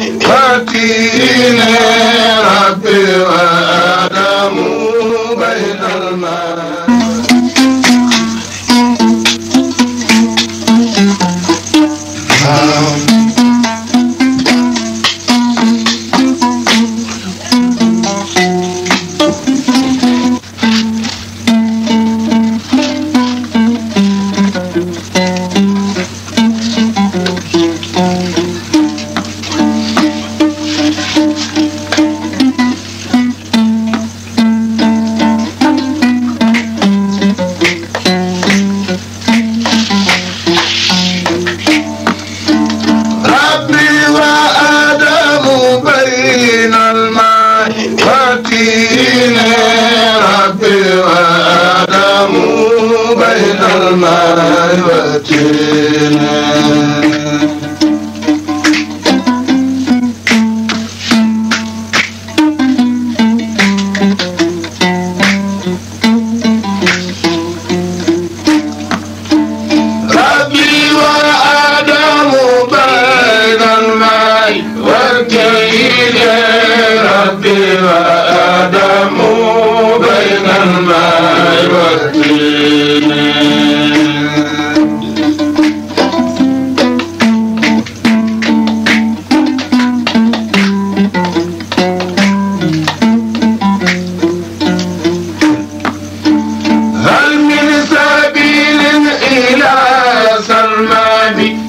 وإلى رب العالمين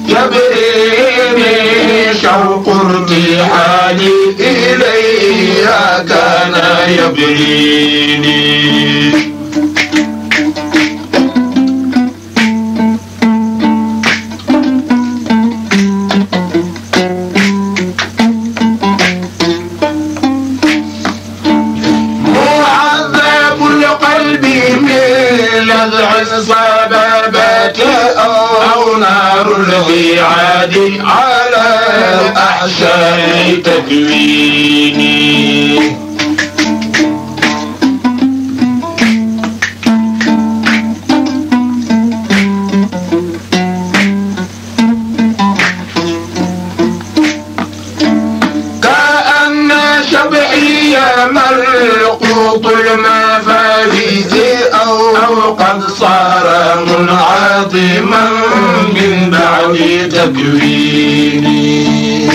يبريني شوق ارتحالي إليها كان يبريني على أحسن تكويني مرقوط المفاهيد أو قد صار منعقد خاطما من بعد تكويني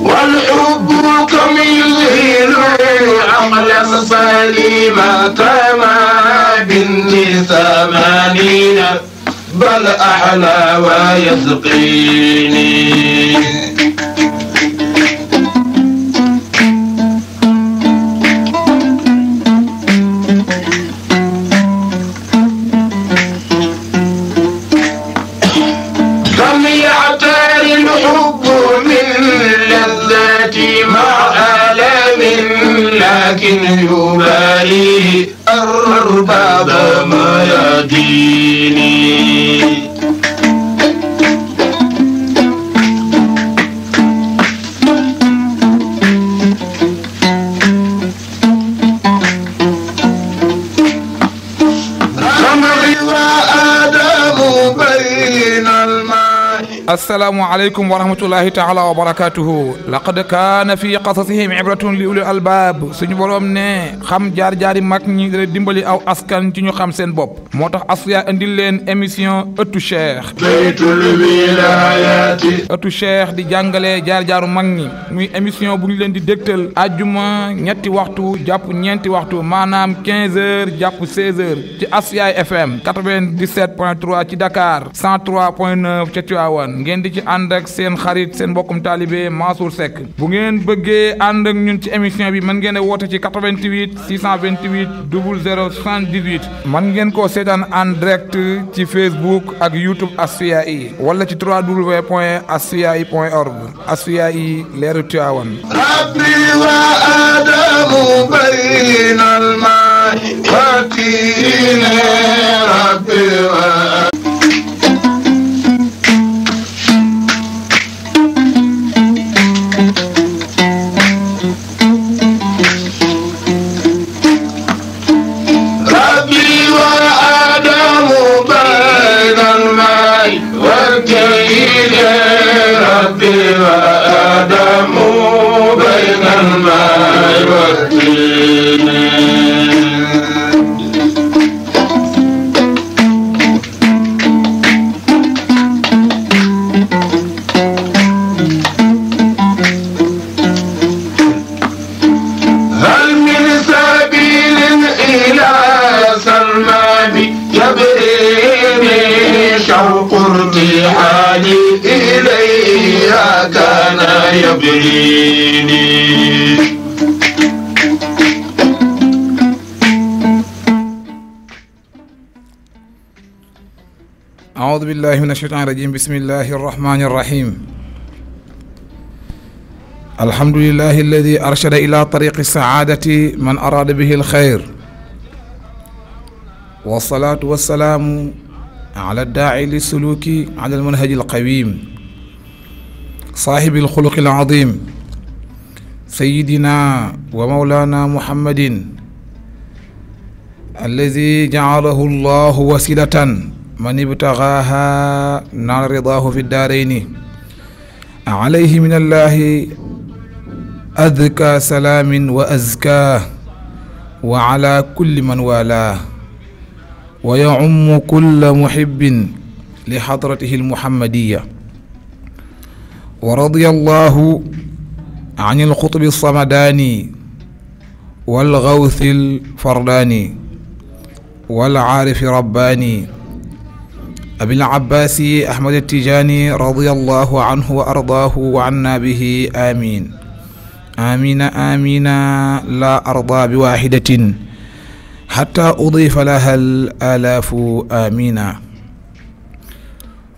والحب كميل عقلا سليما بنت ثمانين بل أحلى ويسقيني لم الحب من مع آلام لكن يباليه أرباب مياديني asalaamualeykum wa rahmatullahi taala wa barakatuhu laqad kaana fii qasasihim ibratun li ulil albaab suñu boroom ne xam jaar-jaari mag ñi la dimbali aw askan ci ñu xam seen bopp moo tax asfiya indil leen émission ëttu cheikh baytul wilayaati ëttu cheikh di jàngale jaar-jaaru mag ñi muy émission bu ñu leen di dégtal ajjuma ñetti waxtu jàpp ñeenti waxtu maanaam 15 heures jàpp ci asfiya fm 97.3 ci dakaar 103.9 ca Tivaouane ngeen di ci ànd ak seen xarit seen mbokkum taalibe Mansour Seck bu ngeen bëggee ànd ak ñun ci émission bi mën ngeen a woote ci 88 628 00 78 mën ngeen ko seetaan en direct ci Facebook ak YouTube i wala ci www.asfiyahi.org Asfiyahi leeru Tiwaawan rabbi wa adamu baynal maa'i rabbi give الشيطان الرجيم بسم الله الرحمن الرحيم الحمد لله الذي أرشد إلى طريق السعادة من أراد به الخير والصلاة والسلام على الداعي للسلوك على المنهج القويم صاحب الخلق العظيم سيدنا ومولانا محمد الذي جعله الله وسيلة من ابتغاها نال رضاه في الدارين عليه من الله أذكى سلام وأزكاه وعلى كل من والاه ويعم كل محب لحضرته المحمدية ورضي الله عن القطب الصمداني والغوث الفرداني والعارف رباني أبي العباس أحمد التجاني رضي الله عنه وأرضاه وعنا به آمين آمين آمين لا أرضى بواحدة حتى أضيف لها الآلاف آمين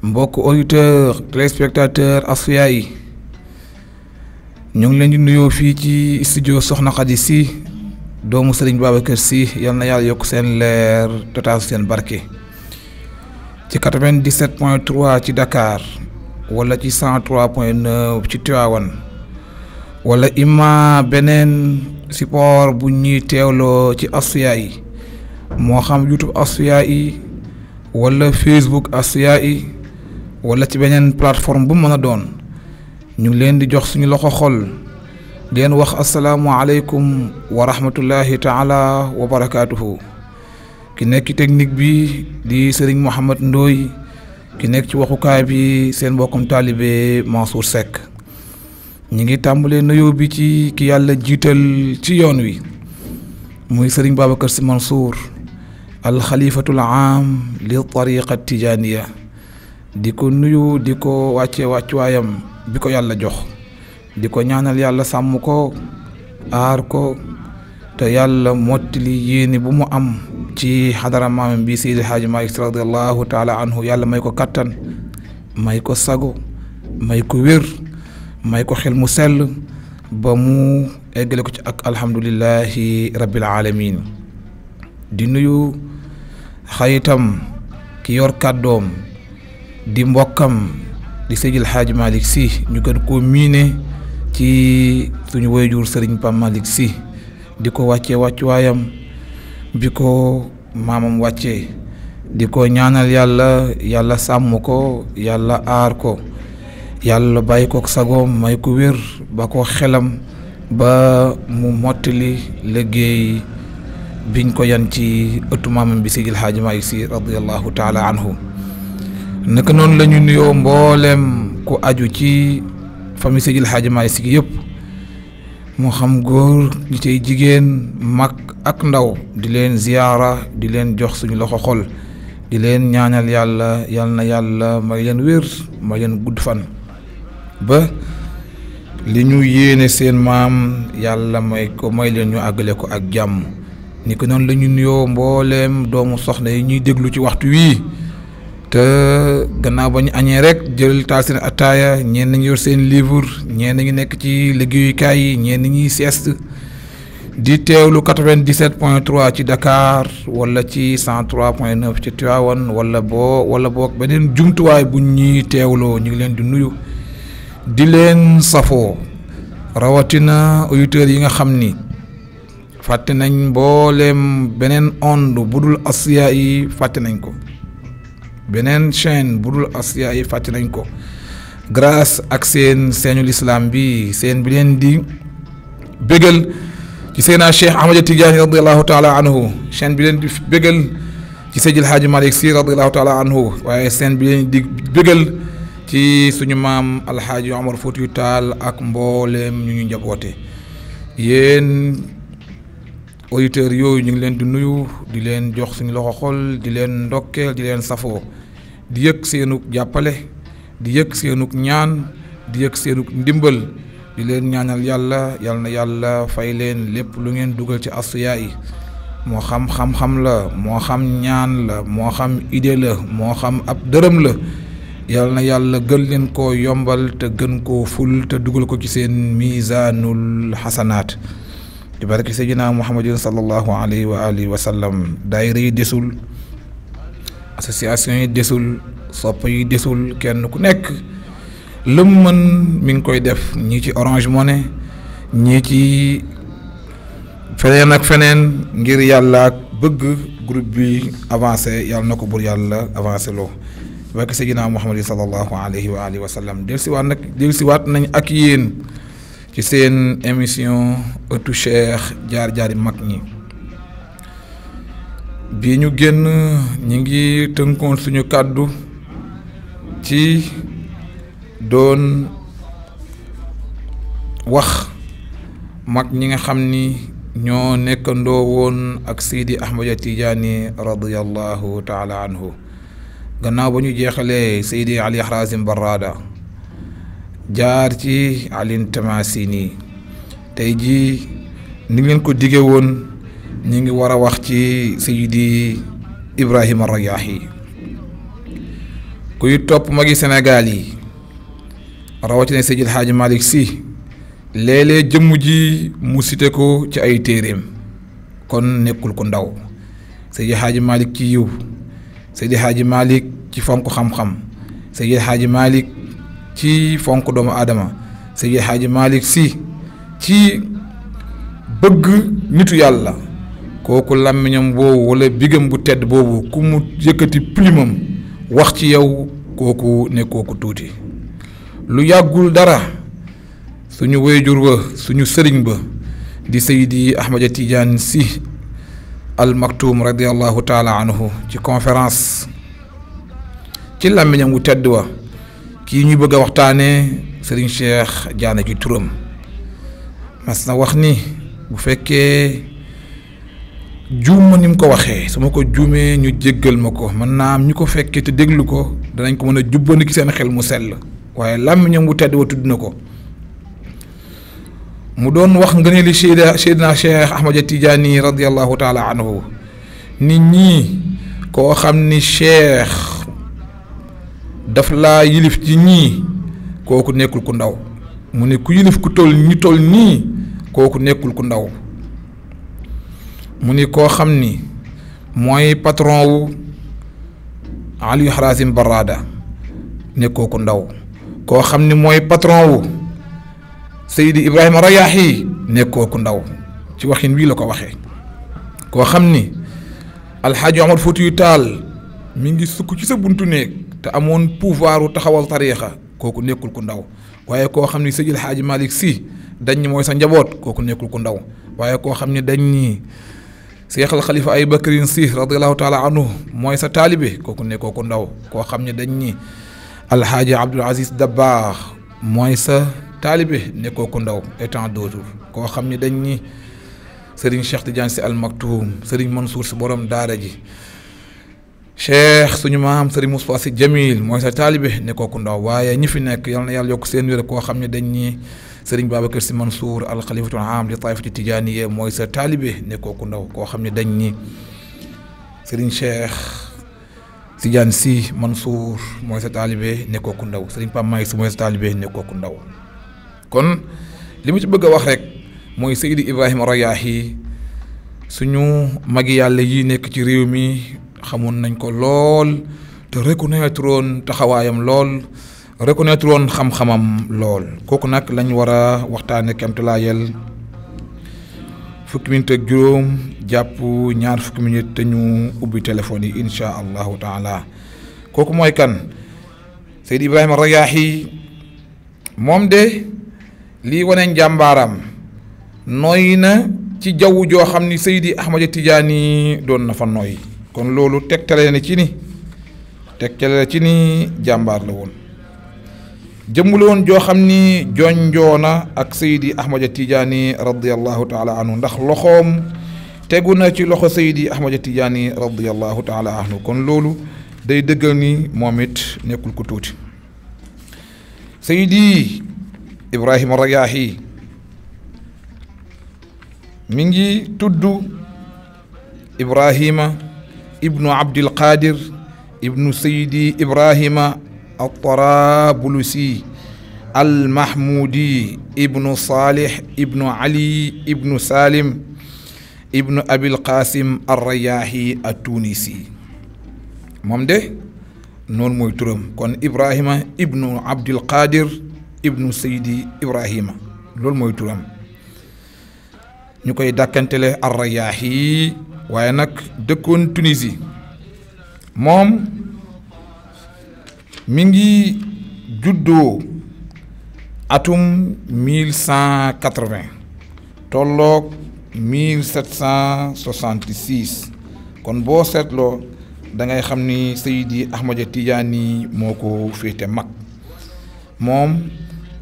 مبوك أوليتر تليسبكتاتر أصيائي نيون لنجي نيو فيكي استجو سخنا قديسي دومو سرين بابا كرسي يلنا يالي يوكسين لير تتاسين باركي ci 97 point 3 ci dakaar wala ci 103 point ci Tivaouane wala ima beneen support bu ñuy teewloo ci Asfiya yi moo xam YouTube Asfiya yi wala Facebook Asfiya yi wala ci beneen plateforme bu mën a doon ñu ngi leen di jox suñu loxo xol leen wax asalaamualeykum wa rahmatullahi taala wa barakaatuhu. ki nek ci technique bi di Serigne mohammed ndoy ki nek ci kay bi sen bokkum talibé Mansour Sek. ñi ngi tambulé nuyo bi ci ki yalla jiital ci yoon wi muy Serigne Babacar si Mansour Al am li tariqa tijaniya di ko nuyu di ko wayam biko bi ko jox di ko ñaanal yalla sam ko ar ko te motti li yene bu mu am ci xadara maamam bi Seydi Haaji Maalik radiallahu taala anhu yàlla may ko kattan may ko sago may ko wér may ko xel mu sell ba mu eggale ko ci ak alhamdulillahi rabbil alamin di nuyu xayitam ki yor kàddoom di mbokkam di Seydil Haaji Malick si ñu gën ko miine ci suñu woyjur Sëriñ Pam Malick Sy di ko wàccee wàccuwaayam bi ko maamam wàccee di ko ñaanal yàlla yàlla sàmm ko yàlla aar ko yàlla bàyyi ko sagoom may ko wér ba ko xelam ba mu mottali liggéey biñ ko yan ci ëttu maamam bi Seydil Hadji si Sy radiallahu taala anhu naka noonu la ñu nuyoo mbooleem ku aju ci famille Seydil Hadji Malick Sy yëpp moo xam góor ñi tey jigéen mag ak ndaw di leen ziyaara di leen jox suñu loxo xol di leen ñaanal yàlla yal na yàlla may leen wér may leen gudd fan ba li ñu yéene seen maam yàlla may ko may leen ñu àggale ko ak jàmm ni ko noonu la nuyoo mbooleem doomu soxna yi ñuy déglu ci waxtu wii te gannaaw ba ñu añee rek jël taal seen ataaya ñeen nañu yor seen livre ñeen nañu nekk ci liggéeyukaay yi ñeen nañuy sieste di teewlu 97 point 3 ci Dakar wala ci 103 point 9 ci Tivaouane wala boo wala boo beneen jumtuwaay bu ñuy teewloo ñu ngi leen di nuyu di leen safoo rawatina auditeurs yi nga xam ni fàtte nañ mbooleem beneen onde bu dul asiya yi fàtte nañ ko beneen chaine bu dul Asfiya fàtte nañ ko grâce ak seen seenu lislaam bi seen bi leen di bégal ci seenaa Cheikh Ahmad Tidiane radiallahu taala anhu chaîne bi leen di bégal ci Seydil Hadji Malick Sy radiallahu taala anhu waaye seen bi leen di bégal ci suñu maam alxaaji Omar Foutiyu Taal ak mbooleem ñu ñu njaboote yéen auditeurs yooyu ñu ngi leen di nuyu di leen jox suñu loxo xol di leen ndokkeel di leen safoo di yëg seenug jàppale di yëg seenug ñaan di yëg seenug ndimbal di leen ñaanal yàlla yal na yàlla fay leen lépp lu ngeen dugal ci asfiya yi moo xam xam-xam la moo xam ñaan la moo xam idée la moo xam ab dërëm la yal na yàlla gën leen koo yombal te gën koo ful te dugal ko ci seen misaanul xasanaat ci barke sayyidina muhammadin sallallahu alayhi wa alihi wa daayira yi desul association yi desul sopp yi desul kenn ku nekk lu mu mi ngi koy def ñii ci Orange ne ñii ci feneen ak feneen ngir yàlla ak bëgg groupe bi avancé yàlla na ko bur yàlla avancé loo bakk Seydina Muhammad yi sallallahu alayhi wa alihi wa sallam dellusiwaat nag dellusiwaat nañ ak yéen ci seen émission ëttu Cheikh jaar jaari mag ñi bi ñu génn ñi ngi tënkoon suñu kàddu ci doon wax mag ñi nga xam ni ñoo nekkandoo woon ak Sidi Ahmada Tijaani radiyallahu taala anhu gannaaw ba ñu jeexalee Seydi Ali Harazim Barrada jaar ci Alin Tamasini tey jii ni ngeen ko dige woon ñu ngi war a wax ci Seydi Ibrahima Rayaahi kuy topp magi Sénégal yi rawatina Seydi El Hadji Malick Sy léeg-léeg jëmm ji mu cité ko ci ay téeréem kon nekkul ku ndaw Seydi El malik ci yiw Seydi El Hadji Malick ci fonk xam-xam Seydi El Hadji ci fonk doomu aadama Seydi El malik si ci bëgg nitu yàlla kooku làmmiñam boobu wala bigam bu tedd boobu ku mu yëkkati plumeam wax ci yow kooku ne tuuti lu yàggul dara suñu wéyjur ba suñu sëriñ ba di Seydi Ahmada tiijaan Sy Al Maktoum radiallahu taala anhu ci conférence ci làmmiñam wu tedd wa kii ñu bëgg a waxtaanee sëriñ Cheikh Diané ci turam mas wax ni bu fekkee juum nim ko waxee sama ko juumee ñu jéggal ma ko mën naa am ñu ko fekkee te déglu ko danañ ko mën a jubbandi ki seen xel mu sell waaye ñam wu tedd wa tudd na ko mu doon wax nga li Seyda Seydina Cheikh Ahmad Tidiane radiyallahu taala anhu nit ñi ko xam ni Cheikh daf la yilif ci ñi koku nekkul ku ndaw mu ne ku yilif ku toll ñi toll ni koku nekkul ku ndaw mu ni koo xam ni mooy patron wu Aliou Harazim Barada ne kooku ndaw koo xam ni mooy patron wu Seydi Ibrahima Rayaahi ne kooku ndaw ci waxin wii la ko waxee koo xam ni alxaaji Omar yu Taal mi ngi sukk ci sa buntu néeg te amoon pouvoir wu taxawal tariixa kooku nekkul ku ndaw waaye koo xam ni Seydi Alxaaji Malick Si dañ ñi mooy sa njaboot kooku nekkul ku ndaw waaye koo xam ni dañ ñi Seex al Xalifa Abu Bakrin Si radiyallahu taala anhu mooy sa taalibe kooku ne kooku ndaw koo xam ne dañ ñi Alxaaji Abdul Aziz Dabaax mooy sa taalibe ne kooku ndaw et tant d'autres koo xam ne dañ ñi Serigne Cheikh Tidiane si Almaktoum Serigne Mansour si boroom daara ji cheikh suñu maam Serigne Moustapha si Jamil mooy sa taalibe ne kooku ndaw waaye ñi fi nekk yal na yàlla yokk seen wér koo xam ne dañ ñi sëriñ Babacar Sy Mansour al xalifatul aam li taifati tijaaniye mooy sa taalibe nekkooku ndaw koo xam ne dañ ni sëriñ Cheikh Tidiane Sy Mansour mooy sa taalibe ne kooku ndaw sëriñ Pape Maye Sy mooy sa taalibe ne ndaw kon li mu ci bëgg a wax rek mooy Seydi Ibrahima Rayaahi suñu mag yàlla yi nekk ci réew mi xamoon nañ ko lool te reconnaître woon taxawaayam lool reconnaître woon xam-xamam lool kooku nag lañ war a waxtaane kemtalaayel fukki minute juróom jàpp ñaar fukki minute te ñu ubbi téléphone yi insha allahu taala kooku mooy kan Seydi Ibrahima Rayaahi moom de lii wane njàmbaaram nooy na ci jaww joo xam ni Seydi Ahmada Tijaani doon na fa nooy kon loolu tegtale na ci ni tegtale na ci ni jàmbaar la woon jëmmula woon joo xam ni jonjoona ak saydi ahmada tijaani radiallahu taala anhu ndax loxoom tegu na ci loxo saydi ahmada tijaani radiallahu taala anhu kon loolu day dëggal ni moom it nekkul ko tuuti saydi ibrahima mi ngi tudd ibrahima ibnu abdil qadir ibnu saydi ibrahima الطرابلسي المحمودي ابن صالح ابن علي ابن سالم ابن أبي القاسم الرياحي التونسي moom de noonu mooy turam kon Ibrahima ibnu Abdul Qadir ibnu Seydi Ibrahima loolu mooy turam ñu koy dàkkantele Arrayaahi waaye nag dëkkoon Tunisie moom. mi ngi juddoo atum mille cent quatre-vingt tolloog mille sept cent kon boo seetloo da ngay xam ni Seydi Ahmadou Tidiane moo ko féete mag moom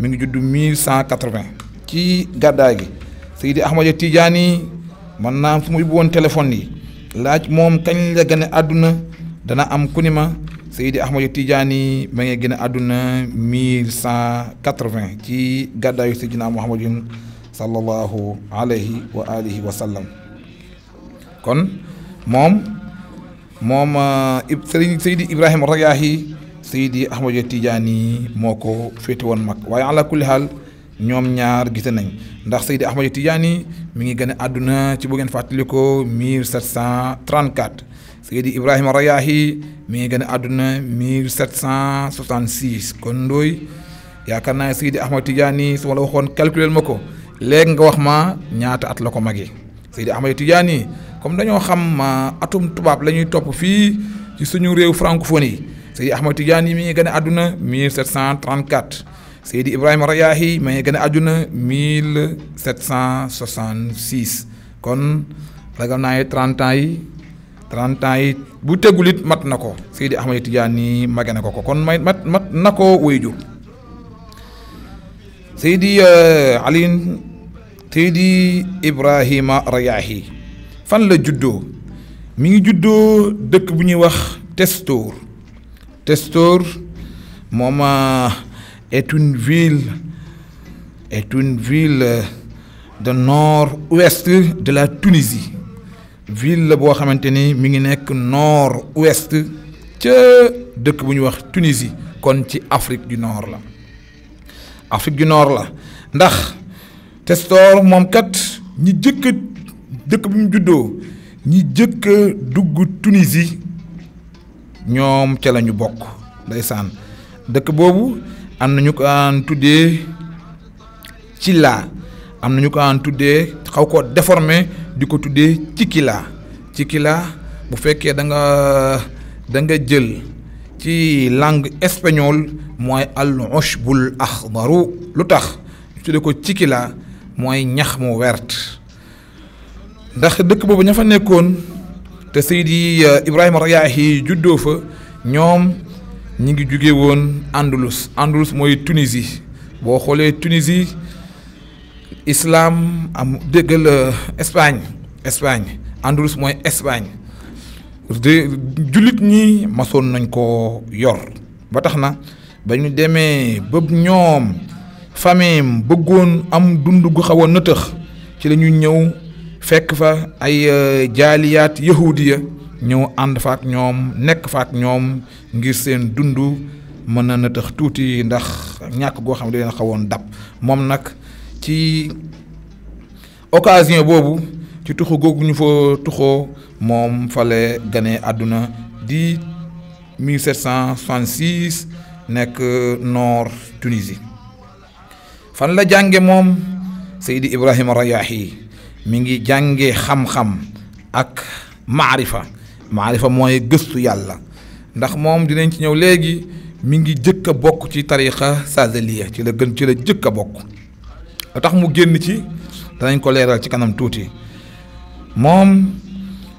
mu ngi judd mille cent quatre-vingt ci gàddaay gi Seydi Ahmadou Tidiane man naa fu mu yóbbu woon téléphone yi laaj moom kañ la gane àdduna dana am ku ni ma Seydi Ahmadu Tijaani ma ngi gën a àdduna mille cent quatre-vingt ci gàddaayu Seydina Muhammadin sallallahu alayhi wa alihi wa sallam kon moom moom uh, Sëriñ Seydi Ibrahima Rayaahi Seydi Ahmadu Tijaani moo ko woon mag waaye ala kulli haal ñoom ñaar gise nañ ndax Seydi Ahmadu Tijaani mi ngi gën a àdduna ci bu ngeen fàttalikoo mille sept seydi ibrahima rayahi mi ngi 1766 kon ndooy yaakaar naa seydi ahmad tidiani su ma la waxoon calculel ma ko léegi nga wax ma ñaata at la ko magi seydi ahmad tidiani comme dañoo xam atum tubaab la ñuy topp fii ci suñu réew francophonie yi seydi ahmad tidiani mi gëna aduna 1734 seydi ibrahima rayahi mi ngi gën 1766 kon ragal naa 30 ans yi 30 ans yi bu tegulit mat nako. Seydi Ahmad Tidiane mage nako ko kon may mat mat nako wayjur Seydi eh, Alioune Seydi Ibrahima rayahi fan la juddo mi ngi juddo dekk bu ñuy wax Testor Testor moma eh, est une ville est une ville eh, de nord-ouest de la Tunisie ville la boo xamante ni mi ngi nekk nord ouest ca dëkk bu ñuy wax Tunisie kon ci Afrique du Nord la Afrique du Nord la ndax Testor moom kat ñi jëkk dëkk bi mu juddoo ñi jëkk dugg Tunisie ñoom ca la ñu bokk ndeysaan dëkk boobu am nañu ko aan tuddee ci laa am nañu ko aan tuddee xaw ko déformer di ko tuddee ci ci cikila bu fekkee da nga da nga jël ci langue espagnole mooy al ushbul axdaru lu tax ñu tuddee ko cikila mooy ñax mu wert ndax dëkk boobu ña fa nekkoon te Seydi eh, Ibrahima Rayaahi juddoo fa ñoom ñi ngi jóge woon Andalus Andalus mooy Tunisie boo xoolee Tunisie islam am déggal Espagne Espagne andalus mooy Espagne de jullit ñi masoon nañ ko yor ba tax na ba ñu demee ba ñoom famille bëggoon am dund gu xaw nëtëx ci lañuy ñëw fekk fa ay euh, jaaliyaat yahudiya ñëw ànd fa ak ñoom nekk fa ak ñoom ngir seen dund mën na nëtëx tuuti ndax ñàkk goo xam ne dina xawoon dab moom nag. ci occasion boobu ci tuxu googu ñu fa tuxoo moom fale gane àdduna di 1766 nekk nord Tunisie fan la jànge moom Seydi Ibrahima Rayaahi mi ngi jànge xam-xam ak maarifa maarifa mooy gëstu yàlla ndax moom dinañ ci ñëw léegi mi ngi jëkk a bokk ci tariqa sazaliya ci la gën ci la jëkk a bokk tax mu génn ci danañ ko leeral ci kanam tuuti moom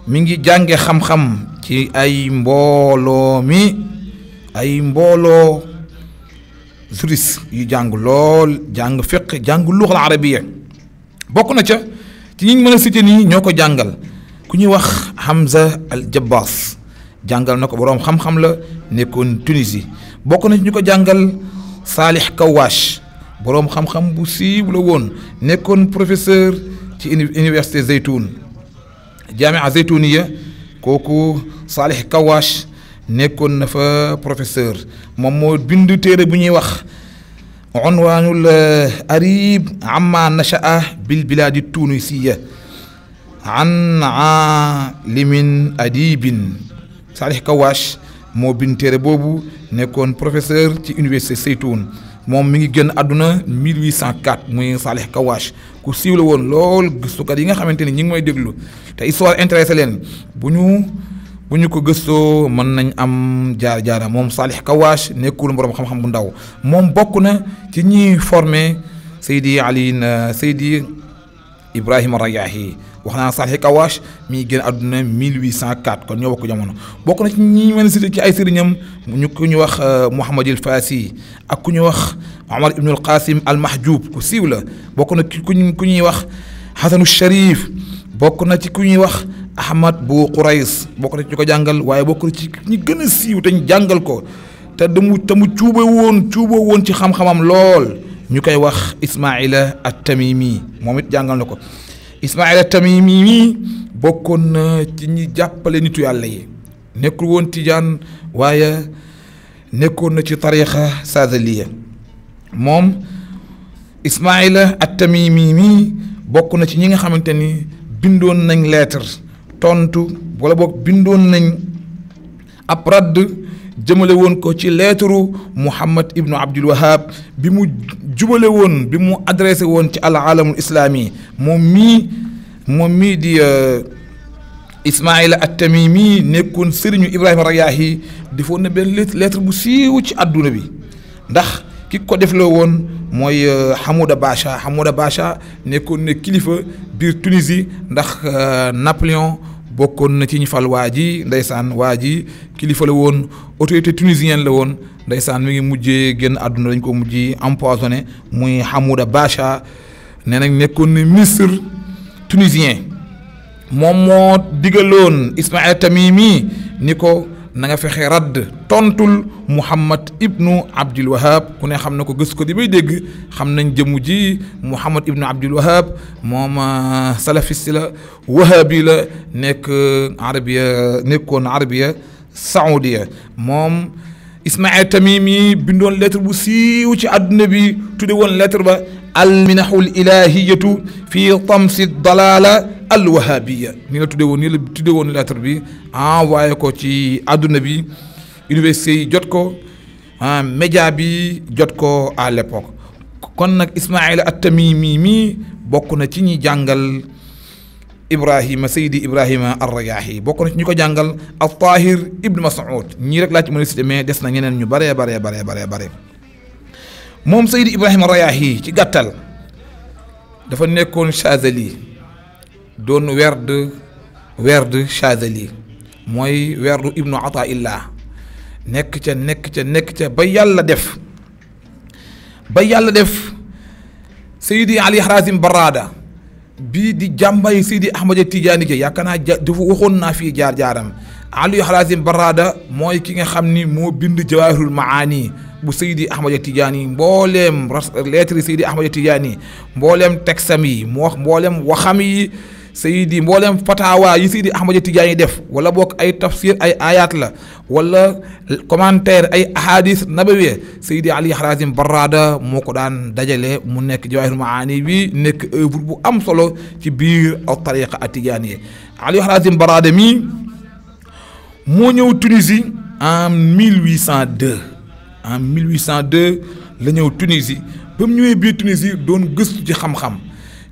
mi ngi jànge xam-xam ci ay mbooloo mi ay mbooloo juris yu jàng lool jàng fiq jàng luxal arabiya bokk na ca ci ñi mën a cité nii ñoo ko jàngal ku ñuy wax Hamza al Jabbaas jàngal na ko boroom xam-xam la nekkoon Tunisie bokk na ci ñu ko jàngal Saalix kawaas boroom xam-xam bu siiw la woon nekkoon professeur ci université Zeytoun jaamia Zeytouniya kooku Salih Kawash nekkoon na fa professeur moom moo bindu téere bu ñuy wax unwaanul arib amma nashaa bil bilaadi tunisiya an aalimin adibin Salih Kawash moo bind téere boobu nekkoon professeur ci université Zeytoun moom mi ngi génn àdduna 1804 muy Salih Kawash ku siiw la woon lool gëstukat yi nga xamante ni ñi ngi may déglu te histoire intéressé leen bu ñu bu ñu ko gëstoo mën nañ am jaar jaara moom Salih Kawash nekkul borom xam-xam bu ndaw moom bokk na ci ñiy formé Seydi Ali Seydi Ibrahima Rayahi wax naa Saaxi Kawaas mi génn àdduna 1804 kon ñoo ko jamono bokk na ci ñi mën a cité ci ay sëriñam ñu ku ñu wax euh, Mouhamadil Fassi ak ku ñu wax Omar Ibnul Qasim al Mahjoub ku siiw la bokk na ci ku ñuy wax Xasanu Sharif bokk na ci ku ñuy wax. Ahmad bu Qurays bokk na ci ñu ko jàngal waaye bokk na ci ñi gën a siiw te ñu jàngal ko te damu te mu cuube woon cuube woon ci xam-xamam lool ñu koy wax Ismaila at-Tamimi moom it jàngal na ko Ismaïla Tamimi mii bokkoon na ci ñi jàppale nitu yàlla yi nekkul woon tijaan waaye nekkoon na ci tarixa saadaliya moom Ismaïla at-Tamimi mii bokk na ci ñi nga xamante ni bindoon nañ lettre tontu wala boog bindoon nañ ab radd jëmale woon ko ci leetaru Muhammad ibnu Abdul Wahab bi mu jubale woon bi mu adressé woon ci al alamul islami moom mii moom mii di Ismaila at-Tamimi nekkoon sëriñu Ibrahima rayahi defoon na benn lettre bu siiw ci àdduna bi ndax ki ko def defloo woon mooy Hamouda Bacha Hamouda Bacha nekkoon ne kilifa biir Tunisie ndax Napoléon bokkoon na ci ñu fal waa ji ndeysaan waa ji kilifa la woon autorité tunisienne la woon ndeysaan mi ngi mujjee génn àdduna dañ ko mujj empoisonné muy Hamouda Bacha nee nañ nekkoon na ministre tunisien moom moo digaloon Ismaël Tamimi ni ko. nga fexe rad tontul Muhammad ibnu Abdul wahhab ku ne xamna ko gëss ko di bay dégg xam jëm ji Muhammad ibnu Abdul wahhab mom salafiste la wahabi la nekk arabia nekkoon arabiya saoudia mom Ismaïl Tamimi bindon lettre bu siiw ci aduna bi tudde woon lettre ba al minahul ilahiyatu fi tamsi dalala al wahabia ni la tuddee woon ni la tuddee woon lettre bi envoyé ko ci àdduna bi université yi jot ko média bi jot ko à l'époque kon nag Ismaïla at-Tamimi mi bokk na ci ñi jàngal Ibrahima Seydi Ibrahima ar-Rayaahi bokk na ci ñu ko jàngal al-Tahir ibn Mas'ud ñii rek laa ci mën a cité mais des na ñeneen ñu baree baree baree baree bare moom Seydi Ibrahima ar-Rayaahi ci gàttal dafa nekkoon Chazali doon werd werd Chazali mooy werdu ibnu Ataillah nekk ca nekk ca nekk ca ba yàlla def ba yàlla def Seydi Ali Harazim Barada bii di jàmbay Seydi Ahmad Tidiane ja yaakaar naa ja dafa waxoon naa fii jaar-jaaram Ali Harazim Barada mooy ki nga xam ni moo bind Jawahirul Maani bu Seydi Ahmad Tidiane mbooleem lettre Seydi Ahmad Tidiane mbooleem texam yi moo mbooleem waxam yi. سيدي مولم فتاوى يسيدي احمد تجاني دف ولا بوك اي تفسير اي ايات لا ولا كومنتير اي احاديث نبوي سيدي علي حرازم برادا موكو دان داجالي مو نيك جواهر معاني بي نيك اوفر بو ام سولو تي بير الطريقه التجانيه علي حرازم برادا مي مو نيو تونيزي ان 1802 ان 1802 لا نيو تونيزي بام نيو بي تونيزي دون گستو جي خم خم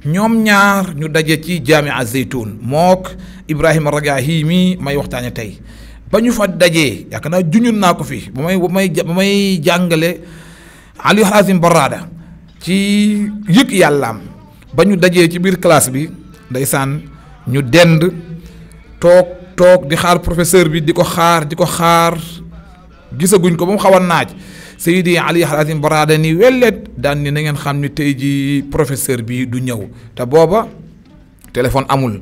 ñom ñaar ñu daje ci jami'a azaytun mok ibrahim ragahimi may waxtane tay bañu fa dajee yaakaar juñun nako fi bamay bamay bamay jangalé ali hazim barada ci yek yàllaam bañu ñu ci bir classe bi ndaysan ñu dend tok tok di xaar professeur bi di xaar di xaar gisaguñ ko ba xawon naaj seydi ali alazim barada ni wellet dan ni ngeen xamni teji professeur bi du ñew ta boba téléphone amul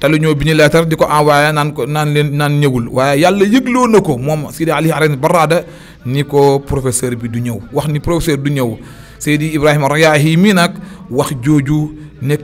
ta lu ñew biñu lettre diko envoyer nan ko nan len nan ñewul waye yalla yeglo nako mom sidi ali haran barada niko professeur bi du ñew wax ni professeur du ñew sidi ibrahim rayahi mi nak wax joju nek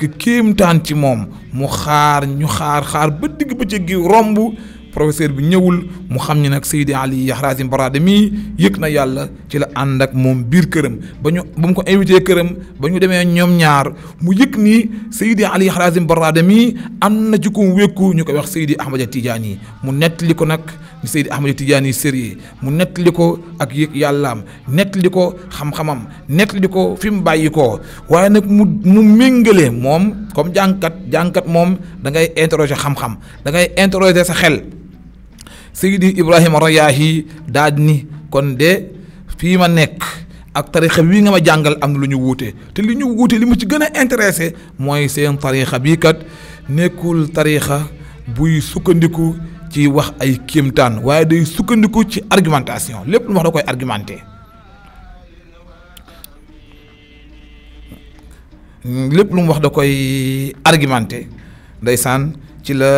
tan ci mom mu xaar ñu xaar xaar ba dig ba ci gi rombu professeur bi ñëwul mu xam ni nag Seydi Ali Harazim Barada mii yëg na yàlla ci la ànd ak moom biir këram ba ñu ba mu ko invité këram ba ñu demee ñoom ñaar mu yëg nii Seydi Ali Harazim Barada mii am na ci ku mu wékku ñu koy wax Seydi Ahmada Tidiane mu nettali ko nag ni Seydi Ahmada Tidiane sérieux mu nettali ko ak yëg yàllaam nettali ko xam-xamam nettali ko fi mu bàyyi koo waaye nag mu mu méngale moom comme jàngkat jàngkat moom da ngay interroger xam da ngay interroger sa xel Seydi Ibrahima Rayaahi daal ni kon de fii ma nekk ak tarixa bii nga ma jàngal am na lu ñu wuute te li ñu wuute li mu ci gën a intéressé mooy seen tarixa bii kat nekkul tarixa buy sukkandiku ci wax ay kéemtaan waaye day sukkandiku ci argumentation lépp lu wax koy argumenté lépp lu mu wax da koy argumenté ndeysaan ci la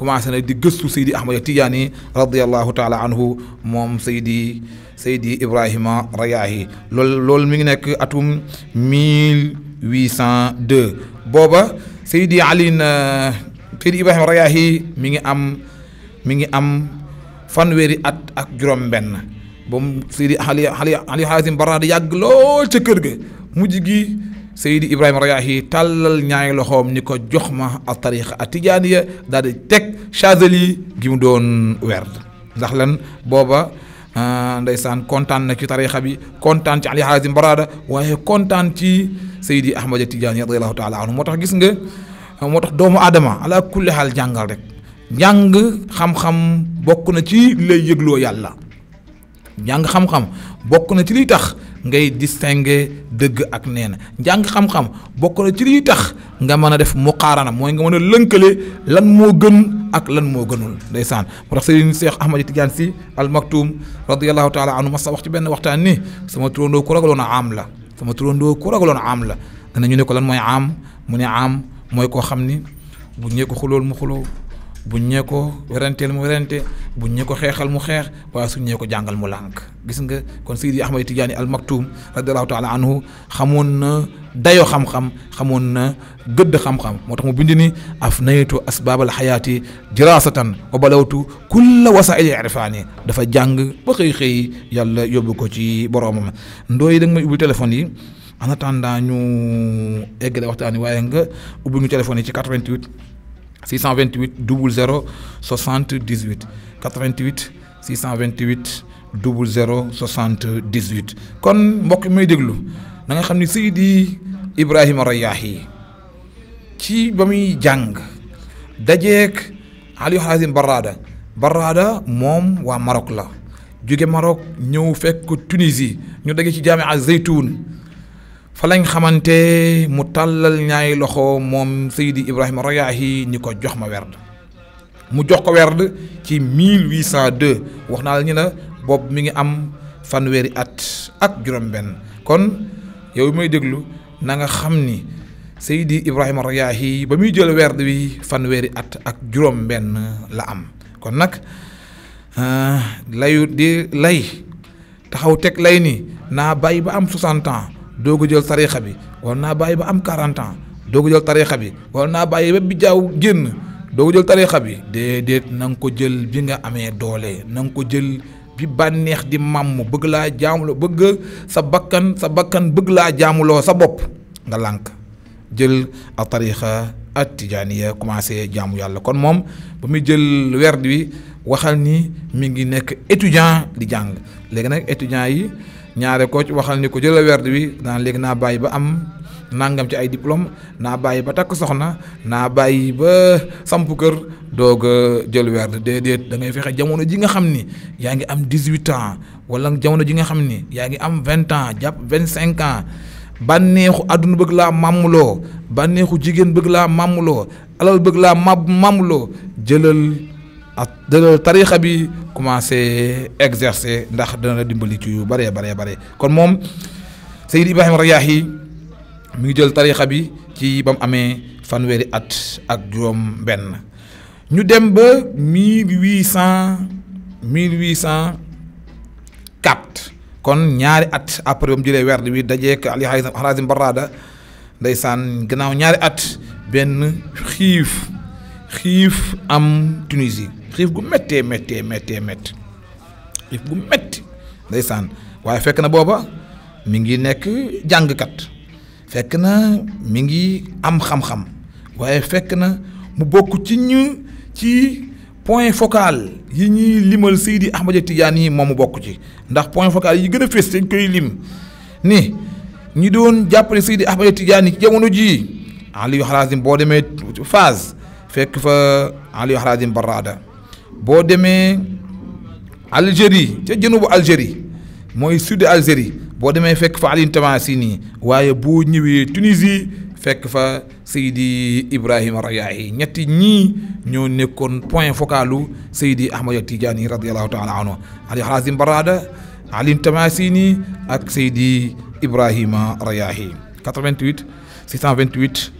commencé na di gëstu Seydi Ahmad Tidiane radiyallahu taala anhu moom Seydi Seydi Ibrahima Rayaahi lool lool mu ngi nekk atum 1802 booba Seydi Alioune Seydi Ibrahima Rayaahi mi ngi am mi ngi am fanweeri at ak juróom-benn ba mu Seydi Ali Ali Ali Haazim yàgg lool ca kër ga mujj gi. Seydi Ibrahima Rayaahi tàllal ñaari loxoom ni ko jox ma a tariqa a tijaaniya daal di teg Chazeli gi mu doon weer ndax lan booba ah, ndeysaan kontaan na ci tariqa bi kontaan ci Ali Haazim Barada waaye kontaan ci Seydi Ahmad Tijaani radiyallahu taala anhu moo tax gis nga moo tax doomu aadama ala kulli xaal jàngal rek njàng bokk na ci lay yëgloo yàlla njàng xam-xam bokk na ci liy tax. ngay distinguer dëgg ak neen njàng xam-xam bokk na ci liy tax nga mën a def muqaarana mooy nga mën a lënkale lan moo gën ak lan moo gënul ndeysaan moo tax Serigne Cheikh Ahmad Tidiane si Al Maktoum radiyallahu taala anhu ma sa wax ci benn waxtaan ni sama turandoo ku ragaloon a am la sama turandoo ku ragaloon a am la ñu ne ko lan mooy am mu ne am mooy koo xam ni bu ñee ko xulool mu xuloo buñ ñee ko weranteel mu werante bu ñee ko xeexal mu xeex waaye su ñee ko jàngal mu lànk gis nga kon Seydi Ahmad Tidiane al Maktoum radiallahu taala anhu xamoon na dayoo xam-xam xamoon na gëdd xam-xam moo tax mu bind ni af naytu asbaabal xayaati dirasatan wa balawtu kulla wasaili irfaani dafa jàng ba xëy-xëy yàlla yóbbu ko ci boroomam ndooy da nga may ubbi téléphone yi en daa ñu eggale waxtaan yi waaye nga ubbi ñu téléphone yi ci 88 628 00 78 88 628 00 78 kon mbokk mi may déglu na nga xam ni Seydi Ibrahima Rayyahi ci ba muy jàng dajeek Aliou Hazim Barrada Barrada moom waa Maroc la jóge Maroc ñëw fekk Tunisie ñu daje ci jaamia Zeytoun fa lañ xamante mu tàllal ñaay loxo moom Seydi Ibrahima Rayaahi ni ko jox ma werd mu jox ko werd ci 1802 wax naa la na ne boobu mi ngi am fanweeri at ak juróom-benn kon yow may déglu na nga xam ni Seydi Ibrahima Rayaahi ba muy jël werd wi fanweeri at ak juróom-benn la am kon nag euh, layu di lay taxaw teg lay ni naa bàyyi ba am 60 ans. doo doogu jël tariixa bi war naa bàyyi ba am 40 ans doogu jël tariixa bi war naa bàyyi ba bi jaaw génn doogu jël tariixa bi déedéet na nga ko jël bi nga amee doole nanga nga ko jël bi bànneex di màmm bëgg laa jaamuloo bëgg sa bakkan sa bakkan bëgg laa jaamuloo sa bopp nga lànk jël a ak at tijaaniya commencé jaamu yàlla kon moom ba muy jël werd wi waxal ni mi ngi nekk étudiant di jàng léegi nag étudiant yi ñaare ko waxal ni ko jëla werd wi daan léegi naa bàyyi ba am nangam ci ay diplôme naa bàyyi ba takk soxna naa bàyyi ba samp kër doog jël werd déedéet da ngay fexe jamono ji nga xam ni yaa ngi am dix-huit ans wala jamono ji nga xam ni yaa ngi am vingt ans jàpp vingt-cinq ans bànneexu àdduna bëgg laa màmmuloo bànneexu jigéen bëgg laa màmmuloo alal bëgg laa màbb màmmuloo jëlal ah dana bi commencé exercer ndax dana la dimbali ci yu bare bare bare kon mom Seyyid ibrahim Rayaahi mi ngi jël tarixa bi ci bam amé amee at ak juróom ben ñu dem ba 1800 huit cent kon ñaari at après ba mu jëlee werd wi dajeek Ali Harazim Barrada ndeysaan gënaaw ñaari at ben xif xif am Tunisie xiif gu méttee méttee méttee métti xiif gu metti ndeysaan waaye fekk na booba mi ngi nekk jàngkat fekk na mi ngi am xam-xam waaye fekk na mu bokk ci ñu ci point focal yi ñuy limal Seydi Ahmad Tidiane yi moom mu bokk ci ndax point focal yi gën a fees dañ lim ni ñi doon jàppale Seydi Ahmad Tidiane yi ci jamono jii Aliou Harazim boo demee phase fekk fa Aliou Harazim Barada boo demee Algérie ca jënubu Algérie mooy sud Algérie boo demee fekk fa Alioune Tamassini waaye boo ñëwee Tunisie fekk fa Seydi Ibrahima Rayahi ñetti ñii ñoo nekkoon point focalu Seydi Ahmad Tidiane radiyallahu taala anhu Ali Harazim Barada Alioune Tamassini ak Seydi Ibrahima Rayahi 88 628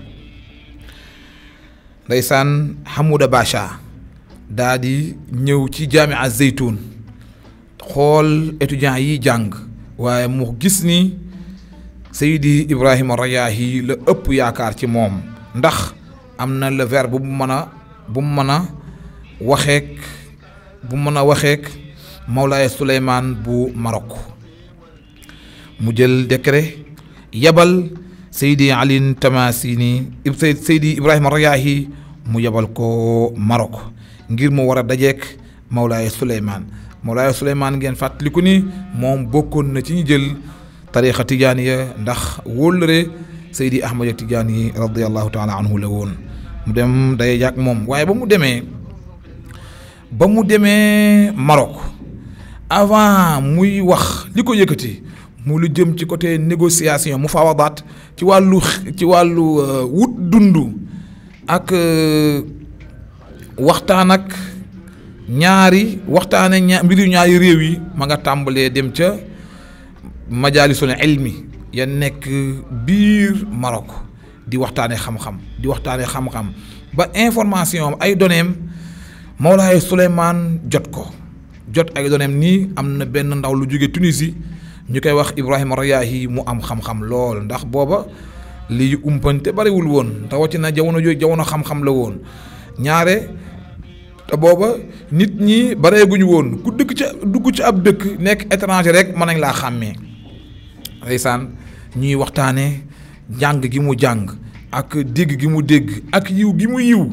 ndeysaan Hamouda Bacha daa di ñëw ci jaamia Zeytoun xool étudiants yi jàng waaye mu gis ni Seydi Ibrahima Rayaahi la ëpp yaakaar ci moom ndax am na le verbe bu mu mën a bu mu mën a waxeek bu mën a waxeek Mawlaaya Souleymane bu Maroc mu jël décret yabal Seydi Alin Tamasini Seydi Ibrahima Rayaahi mu yebal ko Maroc ngir mu war a dajeek Mawlaaya Souleymane Mawlaaya Souleymane ngeen fàttaliku ni moom bokkoon na ci ñu jël tariixa tijaan ya ndax wóllëre Seydi Ahmad Tijaan yi radiyallahu taala anhu la woon mu dem daye jàkk moom waaye ba mu demee ba mu demee Maroc avant muy wax li ko yëkkati mu lu jëm ci côté négociation mu fawadaat ci wàllu ci wàllu euh, wut dund ak euh, waxtaan ak ñaari waxtaane ña mbiru ñaari réew yi ma nga tàmbalee dem ca majaalisul ilmi ya nekk biir Maroc di waxtaane xam-xam di waxtaane xam-xam ba information ay doneem Mawlaay Souleymane jot ko jot ay doneem nii am na benn ndaw lu jóge Tunisie ñu koy wax Ibrahima Rayaahi mu am xam-xam lool ndax booba li umpante bariwul woon na jamono jooy jamono xam-xam la woon ñaare te booba nit ñi bareeguñu woon ku dëkk ca dugg ci ab dëkk nekk étranger rek mën nañ laa xàmmee ndeysaan ñuy waxtaanee jàng gi mu jàng ak dégg gi mu dégg ak yiw gi mu yiw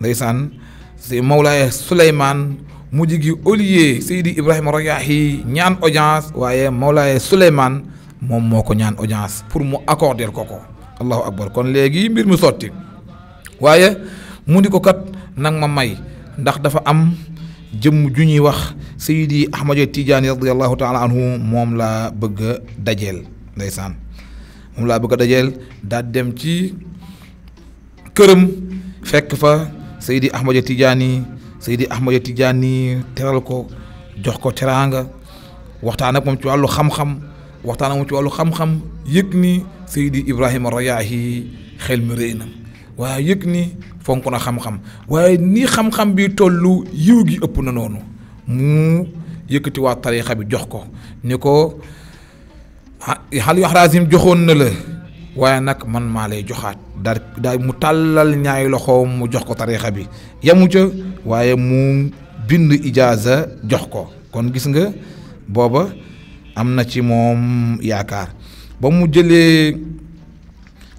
ndeysaan si Mawlaay Souleymane mujj gi Olivier Seydi Ibrahima Rayahi ñaan audience waaye Mawlaay Souleymane moom moo ko ñaan audience pour mu accorder ko ko. allahu akbar kon legi mbir mu soti waye mu ni ko kat nag ma may ndax dafa am jëm juñuy wax sayyidi ahmadu tijaani radiyallahu taala anhu moom la bëgg dajel ndaysan mom moom bëgg dajel da dem ci kërëm fekk fa sayyidi ahmadu tijaani sayyidi ahmadu tijaani teral ko jox ko teranga waxtaan ak moom ci walu xam-xam waxtaan ak ci walu xam-xam Seydi Ibrahima Rayaahi xel mi rëy na waaye yëg ni fonk na xam-xam waaye ni xam-xam bi tollu yiw gi ëpp na noonu mu yëkkati waa tariixa bi jox ko ni ko xal ah, yu xaraasim joxoon na la waaye nag man maa lay joxaat daal mu tàllal ñaay loxoom mu jox ko tariixa bi yamu ca waaye mu bind ijaaza jox ko kon gis nga booba am na ci moom yaakaar ba mu jëlee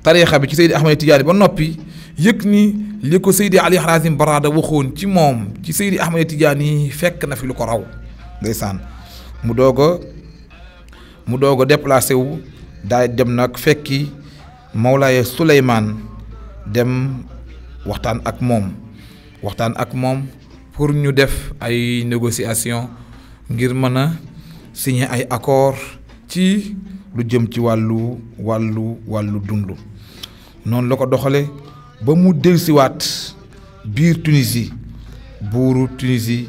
tariixa bi ci Seydi Ahmed Tidiane ba noppi yëkk ni li ko Seydi Ali Harazim Barada waxoon ci moom ci Seydi Ahmed Tidiane yi fekk na fi lu ko raw ndeysaan mu doog a mu doog a déplacé wu daay dem nag fekki Mawlaaye Souleymane dem waxtaan ak moom waxtaan ak moom pour ñu def ay négociation ngir mën a signer ay accord ci lu jëm ci wàllu wàllu wàllu dund noonu la ko doxale ba mu dellusiwaat biir Tunisie buuru Tunisie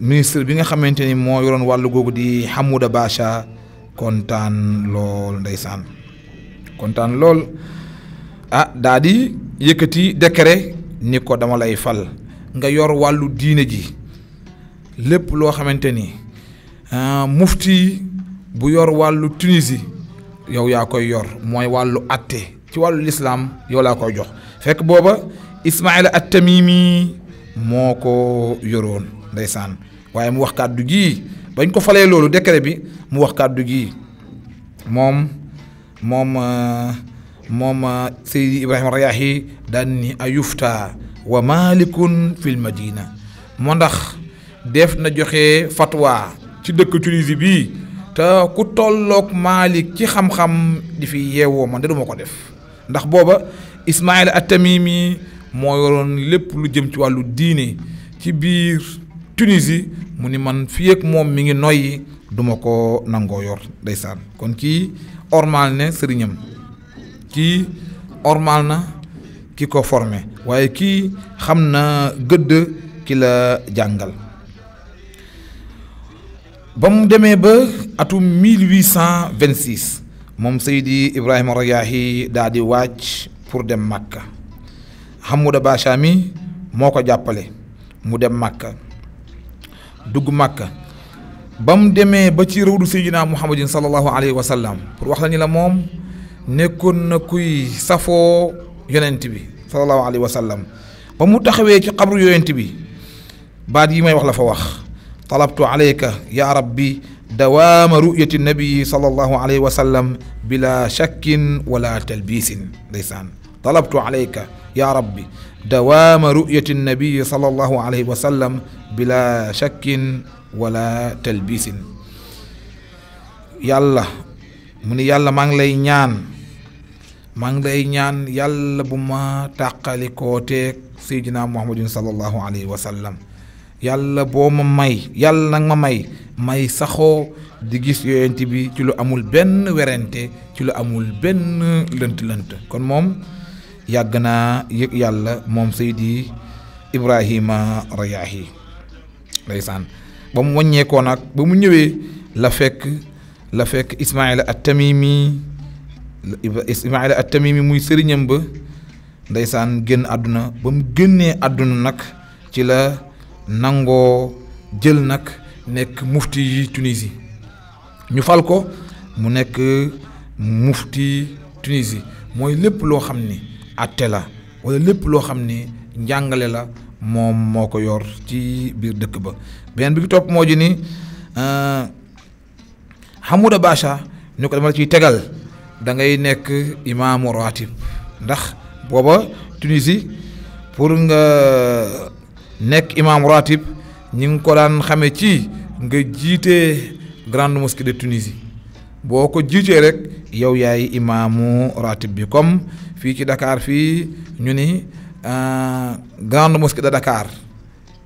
ministre bi nga xamante ni moo yoroon wàllu googu di Hamouda Bacha kontaan lool ndeysaan kontaan lool ah daa yëkkati décret ni ko dama lay fal nga yor wàllu diine ji lépp loo xamante ni ah, mufti bu yor wàllu Tunisie yow yaa koy yor mooy wàllu atte ci wàllu lislaam yow laa koy jox fekk booba Ismaïla at-Tamimi moo ko yoroon ndeysaan waaye mu wax kàddu gi bañ ko falee loolu décret bi mu wax kàddu gi moom moom euh, moom euh, Seydi Ibrahima Rayaahi daan ni ayufta wa malikun fil madina moo ndax def na joxe fatwa ci dëkk Tunisie bii te ku tolloog Maalik ci xam-xam di fi yeewoo ma de duma ko def ndax booba Ismaïl at mii moo yoroon lépp lu jëm ci wàllu diine ci biir Tunisie mu ni man fii moom mi ngi noyyi duma ko nangoo yor ndeysaan kon kii ormal ne sëriñam kii ormal na ki ko forme waaye kii xam na gëdd ki la jàngal ba mu demee ba atum vingt 1826 moom Seydi Ibrahima Rayaahi daal di waaj pour dem Makka Hamouda Bacha mi moo ko jàppale mu dem Makka dugg Makka ba mu demee ba ci rawdu Seydina Muhammadin sallallahu alayhi wa sallam pour wax la ni la moom nekkoon na kuy safoo yonent bi sallallahu alayhi wa sallam ba mu taxawee ci xabru yonent bi baat yi may wax la fa wax. طلبت عليك يا ربي دوام رؤية النبي صلى الله عليه وسلم بلا شك ولا تلبيس ليسان طلبت عليك يا ربي دوام رؤية النبي صلى الله عليه وسلم بلا شك ولا تلبيس يلا من يلا من لي نيان من لي نيان يلا بما تقالي كوتك سيدنا محمد صلى الله عليه وسلم yàlla boo ma may yàlla nag ma may may saxoo di gis yonent bi ci lu amul benn werante ci lu amul benn lënt-lënt kon moom yàgg naa yëg yàlla moom Seydi Ibrahima Rayaahi ndeysaan ba mu wàññeekoo nag ba mu ñëwee la fekk la fekk Ismaila at-Tamimi muy sëriñam ba ndeysaan génn àdduna ba mu génnee àdduna nag ci la nango jël nak nek mufti yi tunisie ñu fal ko mu nek mufti tunisie moy lepp lo xamni até la wala lepp lo xamni njangale la mom moko yor ci bir dekk ba ben bi top moji ni euh hamouda basha ñuko dama ci tégal da ngay nek imam ratib ndax boba tunisie pour nga nekk imam ratib ñi ngi ko daan xamee ci nga jiite grande mosquée de Tunisie boo ko jiitee rek yow yaay imaamu ratib bi comme fii ci dakaar fii ñu ni euh, grande mosquée de dakaar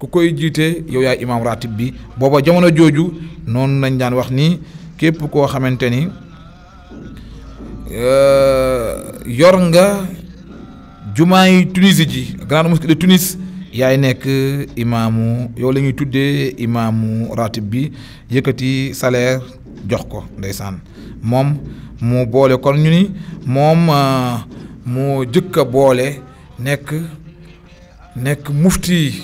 ku koy jiite yow yaay imam ratib bi booba jamono jooju noonu nañ daan wax ni képp koo xamante ni euh, yor nga jumaa yi Tunisie ji grande mosquée de Tunis yaay nekk imaamu yow lañuy tuddee imaamu ratib bi yëkkati salaire jox ko ndeysaan moom mu boole kon ñu ni moom euh, mu jëkk a boole nekk nekk mufti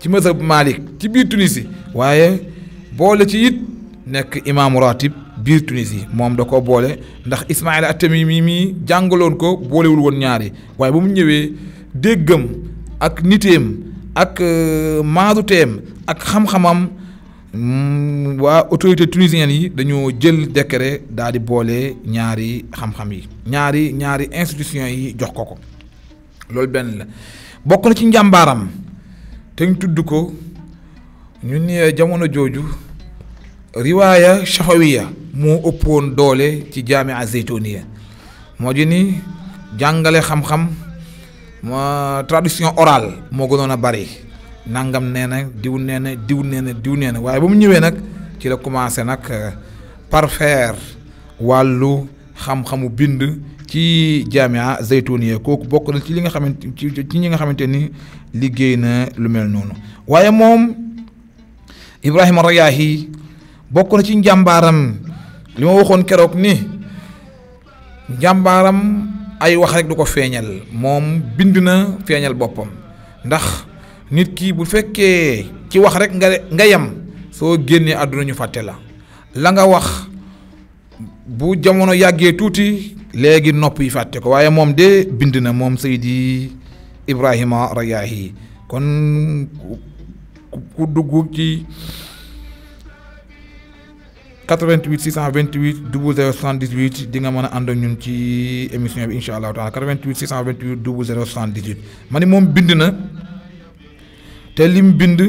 ci mazhab Malik ci biir Tunisie waaye boole ci it nekk imaamu ratib biir Tunisie moom da ko boole ndax Ismaïl at mii mi jàngaloon ko boolewul woon ñaari waaye ba mu ñëwee déggam ak niteem ak euh, maaduteem ak xam-xamam mm, waa autorité tunisienne yi dañoo jël décret daal di boole ñaari xam-xam yi ñaari ñaari institution yi jox ko ko loolu benn la bokk na ci njàmbaaram te ñu tudd ko ñu ñun jamono jooju riwaaya chafawiya moo ëppoon doole ci jaamia zeytoniya moo ji ni jàngale xam-xam ma tradition orale moo gënoon a bari nangam nee na diw nee na diw nee na diw nee na waaye ba mu ñëwee nag ci la commencé nag euh, parfaire wàllu xam-xamu bind ci jaamia Zaytuniya kooku bokk na ci li nga xamante ci ci ñi nga xamante ni liggéey na lu mel noonu waaye moom Ibrahima Rayaahi bokk na ci njàmbaaram li ma waxoon keroog ni njàmbaaram. ay wax rek du ko feeñal moom bind na feeñal boppam ndax nit kii bu fekkee ci wax rek nga nga yem soo génnee àdduna ñu fàtte la la nga wax bu jamono yàggee tuuti léegi nopp yi fàtte ko waaye moom de bind na moom Seydi Ibrahima Rayaahi kon ku dugg ci 88 628 00 78 di nga mën ànd ak ñun ci émission bi incha allahu taala 88 628 00 78 ma ne moom bind na te lim bind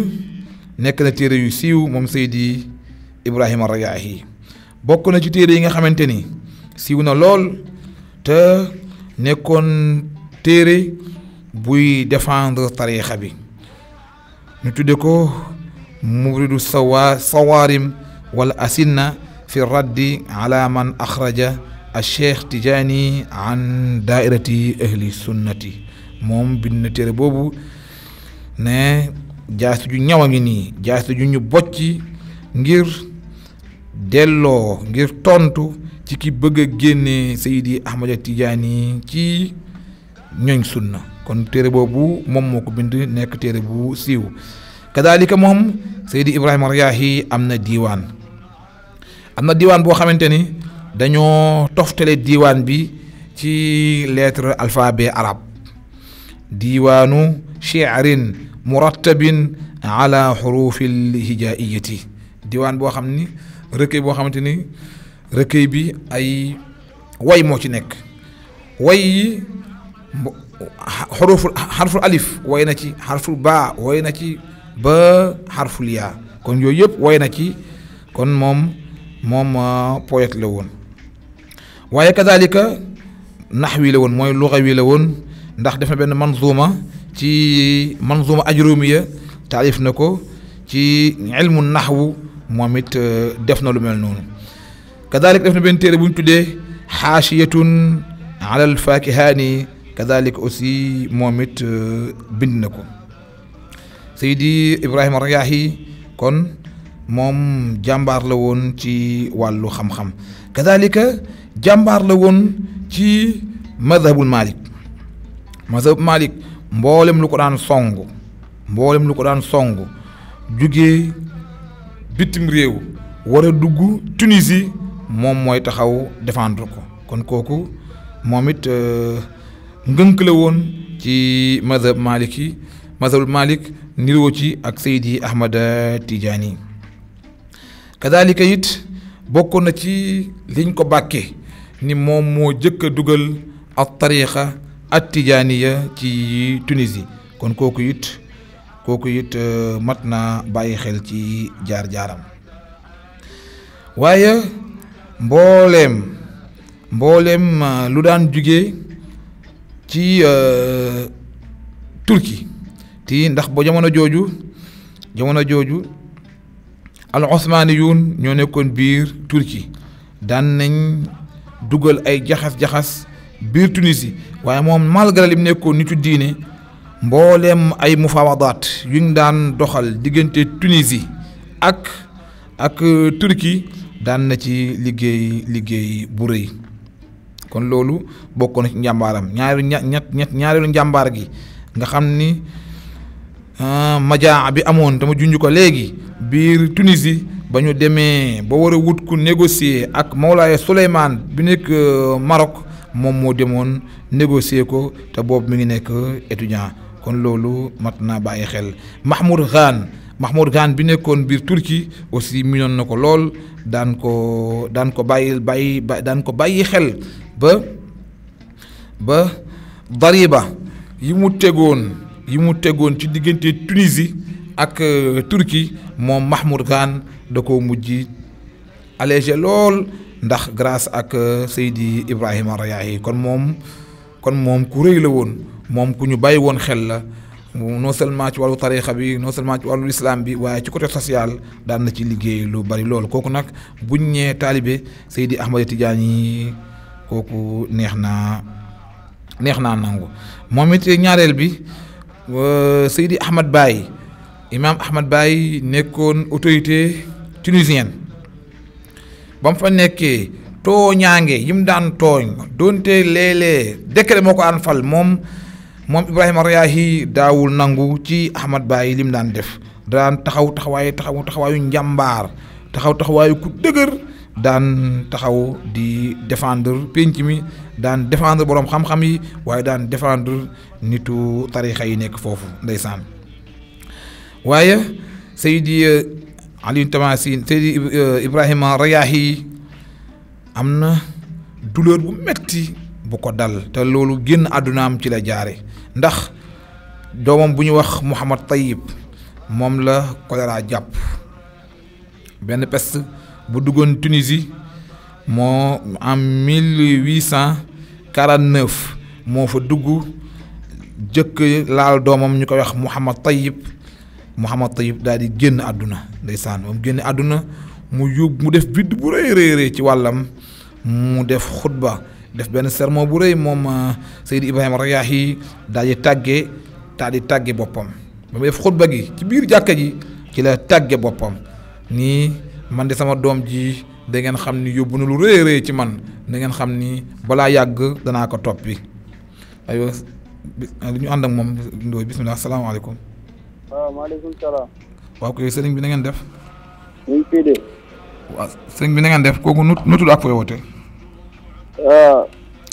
nekk na téere yu siiw moom Seydi Ibrahima Rayaahi bokk na ci téere yi nga xamante ni siiw na lool te nekkoon téere buy défendre tariixa bi ñu tudde ko Muridu Sawa Sawaarim wal asinna fi raddi ala man akhraja al-sheikh Tijani an dairati ahli sunnati mom bin tere bobu ne jaastu ju ñaw a ngi nii jaastu ju ñu bocci ngir dello ngir tontu ci ki bëgg a sayyidi ahmad Tijani ci ñoñ sunna kon tere bobu mom moko bind nek tere bu siiw kadalika mom sayyidi ibrahim Riyahi amna diwan amna diwan bo xamanteni dañu ni dañoo toftale diwaan bi ci lettre alphabet arab diwanu shi'rin murattabin ala xurufil hijaiyati diwan bo xamni ni bo xamanteni xamante bi ay way mo ci nek way حروف حرف الالف alif way na ci xarful baa way na ci ba xarful yaa kon yooyu yëpp موما بويت لون وايا كذلك نحوي لون موي لغوي لون ندخ دفن بين منظومة تي منظومة أجرومية تعرف نكو تي علم النحو موميت دفن الملنون كذلك دفن بين تيري بنتو دي حاشية على الفاكهاني كذلك أسي موميت بنكو سيدي إبراهيم الرياحي كون moom jàmbaar la woon ci wàllu xam-xam kadalika jàmbaar la woon ci madhabul malik madhab malik mboolem lu ko daan songu mboolem lu ko daan song jugee bitim réew wara dugg Tunisie moom mooy taxaw défendre ko kon kooku moom it euh, ngënk la woon ci madhab malik yi madhabul malik niroo ci ak Seydi Ahmada Tijaani kadaalika it bokkoon na ci liñ ko bàkke ni moom moo jëkk a dugal at ak at ya ci Tunisie kon kooku it kooku it euh, mat na bàyyi xel ci jaar-jaaram waaye mbooleem mbooleem euh, lu daan jugee ci euh, turki ti ndax ba jamono jooju jamono jooju al osmaaniyuun ñoo nekkoon biir turki daan nañ dugal ay jaxas-jaxas biir Tunisie waaye moom malgré li nekkoon nekkoon nitu diine mbooleem ay mufawadaat yuñ daan doxal diggante Tunisie ak ak turki daan na ci liggéey liggéey bu rëy kon loolu bokkoon na ci njàmbaaram ñaareelu ña ñett ñaareelu njàmbaar gi nga xam ni Ah, majaa bi amoon dama junj ko léegi biir Tunisie ba ñu demee ba war a wut ku négocier ak Mawlaaya Souleymane bi nekk euh, Maroc moom moo demoon négocier ko te boobu mi ngi nekk étudiant kon loolu mat naa bàyyi xel Mahmoud Khan Mahmoud Khan bi nekkoon biir Turquie aussi miinoon na ko lool daan ko daan ko bàyyi bàyyi daan ko bàyyi xel ba ba dariba yi mu tegoon. yi mu tegoon ci diggante Tunisie ak euh, Turquie moom Mahmoud Khan da ko mujj allégé lool ndax grâce ak euh, Seydi Ibrahima Rayahi kon moom kon moom ku rëy la woon moom ku ñu bàyyi woon xel la non seulement ci wàllu tarixa bi non seulement ci wàllu islam bi waaye ci côté social daan na ci liggéey lu bari lool kooku nag buñ ñee taalibe Seydi Ahmada Tidiane yi kooku neex naa neex naa nangu moom it ñaareel bi Seydi Ahmad Baye imaam Ahmad Baye nekkoon autorité tunisienne ba fa nekkee tooñaange yi mu daan tooñ doonte léeg-léeg décret moo ko daan fal moom moom Ibrahima Riyaahi daawul nangu ci Ahmad Baye li mu daan def daan taxaw taxawaayu taxaw taxawaayu njàmbaar taxaw taxawaayu ku dëgër. daan taxaw di défendre penc mi daan défendre boroom xam-xam yi waaye daan défendre nitu tarixa yi nekk foofu ndeysaan waaye Seydi eh, Aliou Tamasin Seydi eh, Ibrahima yi am na douleur bu metti bu ko dal te loolu génn àddunaam ci la jaare ndax doomam bu ñu wax Mouhamad Tayyib moom la choléra jàpp benn peste bu duggoon Tunisie moo en 1849, huit cent quarante neuf moo fa dugg jëkk laal doomam ñu koy wax Mouhamad Tayyib Mouhamad Tayyib daal di génn àdduna ndeysaan moom génn àdduna mu yóbbu mu def bidd bu rëy rëy rëy ci wàllam mu def khutba, def ben sermon bu rëy moom euh, Seydi Ibrahima Rayaahi daal di tàggee daal di tàgge boppam def xutba gi ci biir jàkka ji ci la tàgge Bopam, ni. man di sama doom ji da ngeen xam ni yóbbu na lu réeréer ci man da ngeen xam ni balaa yàgg danaa ko toppi aywa ah, li ñu ànd ak moom ndooy bisimilah salaamaaleykum. waaw salaam. waaw koy sëriñ bi na ngeen def. ñu ngi fii de. sëriñ bi na ngeen def kooku nu nu tudd ak fooy woote. Ah,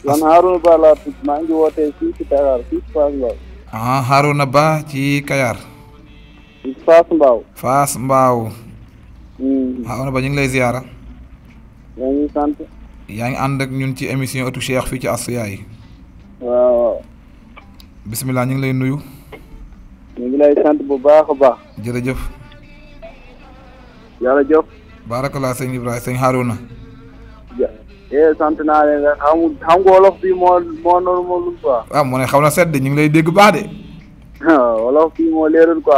man Haruna Ba laa tudd maa ngi wootee ci ci Dakar ci Fass Mbaw. ah Haruna Ba ci Kayar. Fass Mbaw. Fass Mbaw. waaw mm-hmm. ah, ba ñu ngi lay ziyaara. yaa ngi sant. yaa ngi ànd ak ñun ci émission ëttu Cheikh fii ci Asfiya yi. waaw. ñu ngi lay nuyu. ñu ngi lay sant bu baax a baax. jërëjëf. jërëjëf. baarakalaa sëñ Ibrahima sëñ Haruna. Eh, sant naa leen rek xam xam nga wolof bi moo moo normalul quoi. waaw ah, ne xaw na sedd ñu ngi lay dégg baax de. wolof bi moo leerul quoi.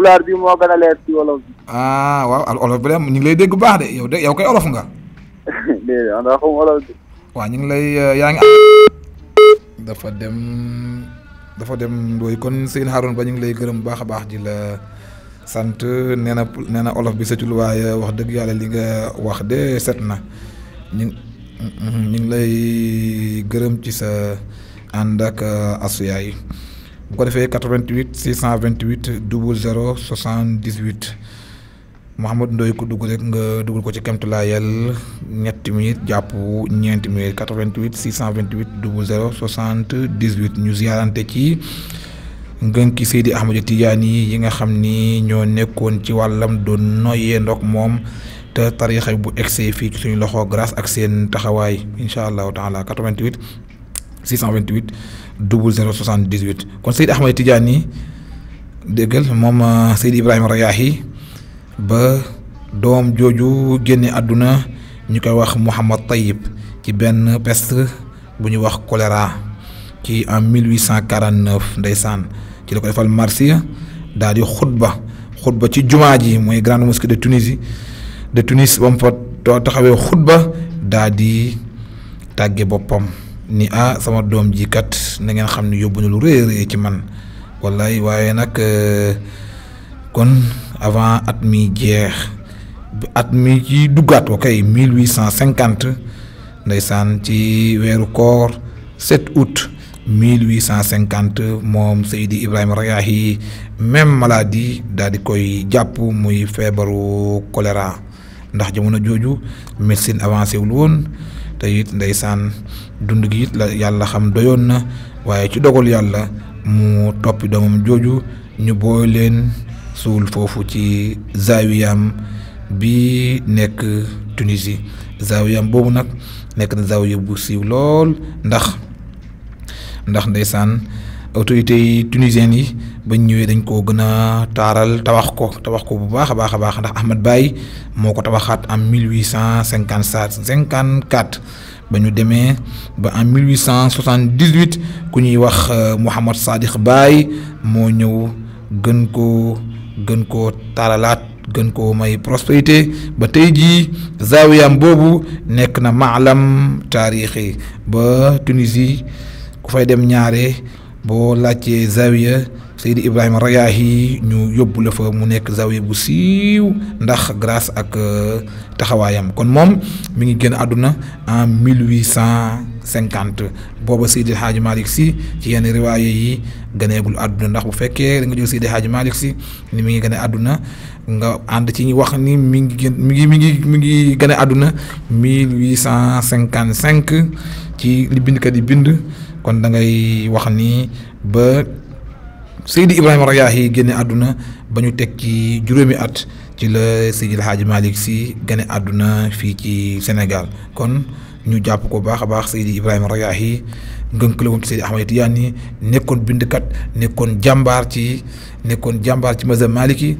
pulaar bi moo gën a leer ci wolof bi ah waaw al olof bi de ñu ngi lay dégg baax de yow de yow kay olof nga déedéet man waxum olof bi waa ñu ngi lay euh, yaa ngi dafa dem dafa dem ndooy kon seen Haroun ba ñu ngi lay gërëm baax a baax di la sant nee na nee na olof bi sëccul waaye wax dëgg yàlla li nga wax de set na ñu mm-hmm, ñu ngi lay gërëm ci sa ànd ak euh, asuyaay bu ko defee 88 628 00 78 Mouhamadou ndoy ko dugg rek nga dugal ko ci kemtulaayal ñetti minute jàpp ñeenti minute 88 628 00 78 ñu ziarante ci ngënki Seydi Ahmadou Tidiane yi nga xam ni ñoo nekkoon ci wàllam doon noyyee ndox moom te tariixa bu egg fii ci suñu loxo grâce ak seen taxawaay incha allah taala 88. 628 0078 kon Seyd Ahmed Tidiane deugal mom uh, Seyd Ibrahima Rayaahi ba dom joju genné aduna ñu koy wax Mouhamad Tayyib ci benn peste bu wax choléra ci en 1849 ndeysaan ci la defal marsiya daal di xutba xutba ci jumaa ji mooy grande mosquée de Tunisie de Tunis fa di ni a sama dom ji kat na ngeen xam ne yóbbu na lu rëy rëy ci man wallaay waaye nag eh, kon avant at mi jeex at mi ci duggaat ko kay 1850 ndeysaan ci weeru koor 7 août 1850 moom seydi Ibrahim rayahi même maladie daal di koy jàpp muy febaru kolera ndax jamono jooju medicine avancé wul won te it saan dund gi it la yàlla xam doyoon na waaye ci dogal yàlla mu toppi doomam jooju ñu booy leen suul foofu ci zaawiyam bi nekk Tunisie zaawiyam boobu nag nekk na zaawiya bu siiw lool ndax ndax ndeysaan autorités yi tunisiennes yi bañ ñëwee dañ koo gën a taaral tawax ko tabax ko bu baax a baax a baax ndax Ahmad Baye moo ko tabaxaat am mille huit cent cinquante sept cinquante quatre ba ñu demee ba en mille huit cent soixante dix ku ñuy wax euh, Mouhamad Sadiq bay moo ñëw gën ko gën ko taaralaat gën ko may prospérité ba tey jii zawiyam boobu nekk na maalam taarixi ba Tunisie ku fay dem ñaare boo laajtee zaawiya Seydi Ibrahim Rayahi ñu yóbbu la fa mu nekk zawiya bu siiw ndax grâce ak euh, taxawaayam kon moom mi ngi génn àdduna en 1850 booba Seydi Hadji malik si ci yenn riwaaye yi gëneegul àdduna ndax bu fekkee da nga jël Seydi Hadji malik si ni mi ngi gën a àdduna nga ànd ci ñi wax ni mi ngi mi ngi mi ngi 1855 ci li bindkat yi bind kon da ngay wax ni ba Seydi Ibrahima Rayaahi génne àdduna ba ñu teg ci juróomi at ci la Seydi El Hadji Malick si génne àdduna fii ci Sénégal kon ñu jàpp ko baax a baax Seydi Ibrahima Rayaahi ngënk la woon Seydi Ahmad Tijaani nekkoon bindkat nekkoon jàmbaar ci nekkoon jàmbaar ci mazhab Maliki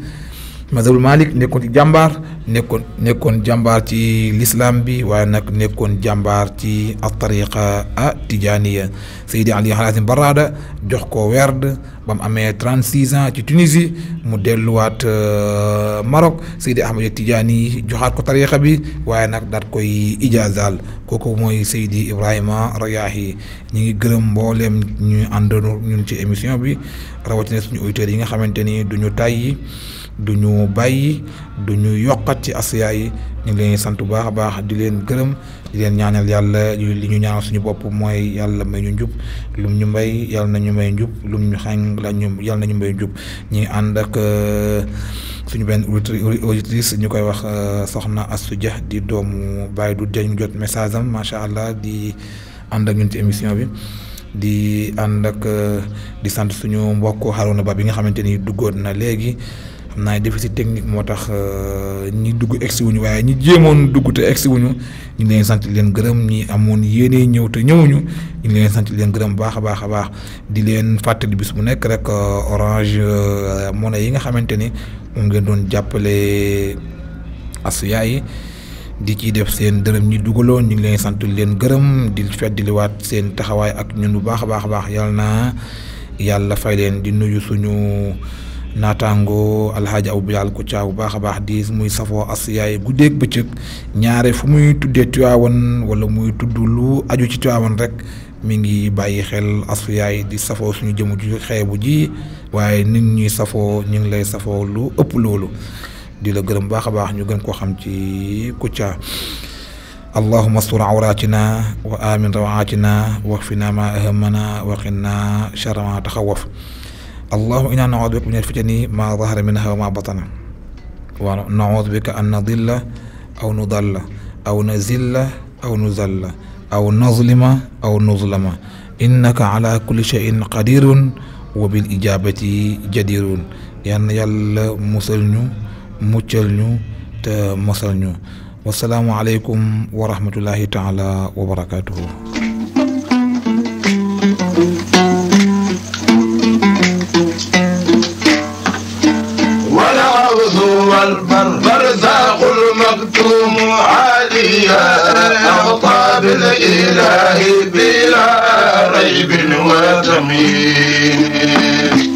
mazhabul malik nekkoon ci jàmbaar nekkoon nekkoon jàmbaar ci lislaam bi waaye nag nekkoon jàmbaar ci a tariqa a tijaaniya Seydi Ali Harazim Barada jox ko werd ba mu amee trente six ans ci Tunisie mu delluwaat euh, Maroc Seydi Ahmad Tijaani joxaat ko tariqa bi waaye nag daat koy ijaazaal kooku mooy Seydi Ibrahima Rayaahi ñu ngi gërëm mboolem ñu àndoon ñun ci émission bi rawatina suñu auditeurs yi nga xamante ni duñu tàyyi duñu bayyi duñu yokkat ci asiya yi ñu leen sant bu baax baax di leen gërëm di leen ñaanal yàlla li ñu ñaanal suñu bopp mooy yàlla may ñu njub lu ñu may yàlla nañu may njub lu ñu xañ la ñu yàlla nañu may njub ñi ànd ak euh, suñu benn auditrice ñu koy wax euh, soxna astu di doomu bàyyi du dia jot message am macha allah di ànd ak ñun ci émission bi di ànd ak euh, di sant suñu mbokk haruna ba bi nga xamante ni duggoon na léegi na naa déficit technique motax dugu euh, ñi dugg exi wuñu waye ñi jémon dugg te exi wuñu ñu lay sant leen gërëm ñi amoon yéene ñëw te ñëwuñu ñu lay sant leen gërëm baax baax baax di leen fàttali bis bu nekk rek euh, orange euh, mona yi nga xamante ni moom ngeen doon jàppale asuyaa yi di ci def seen dërëm ñi dugaloon ñu lay sant leen gërëm di waat seen taxawaay ak ñun bu baax baax na yàlla fay leen di nuyu suñu naataango alxaaji abu yàlla ku caaw bu baax a baax di muy safoo as yaay guddeeg bëccëg ñaare fu muy tuddee Tiwaawan wala muy tudd lu aju ci Tiwaawan rek mi ngi bàyyi xel asu yaay di safoo suñu jëmu ji bu ji waaye nit ñi safoo ñu ngi lay safoo lu ëpp loolu di la gërëm baax a baax ñu gën koo xam ci Kouthia allahuma stur awratina wa amin rawatina naa ma ahamana waxin na charama taxawaf الله إنا نعوذ بك من الفتن ما ظهر منها وما بطن ونعوذ بك أن نضل أو نضل أو نزل أو نزل أو نظلم أو نظلم إنك على كل شيء قدير وبالإجابة جدير يعني يلا مسلنو muccal te والسلام عليكم ورحمة الله تعالى وبركاته مكتوم عاليا أغطى الإله بلا ريب وتمييز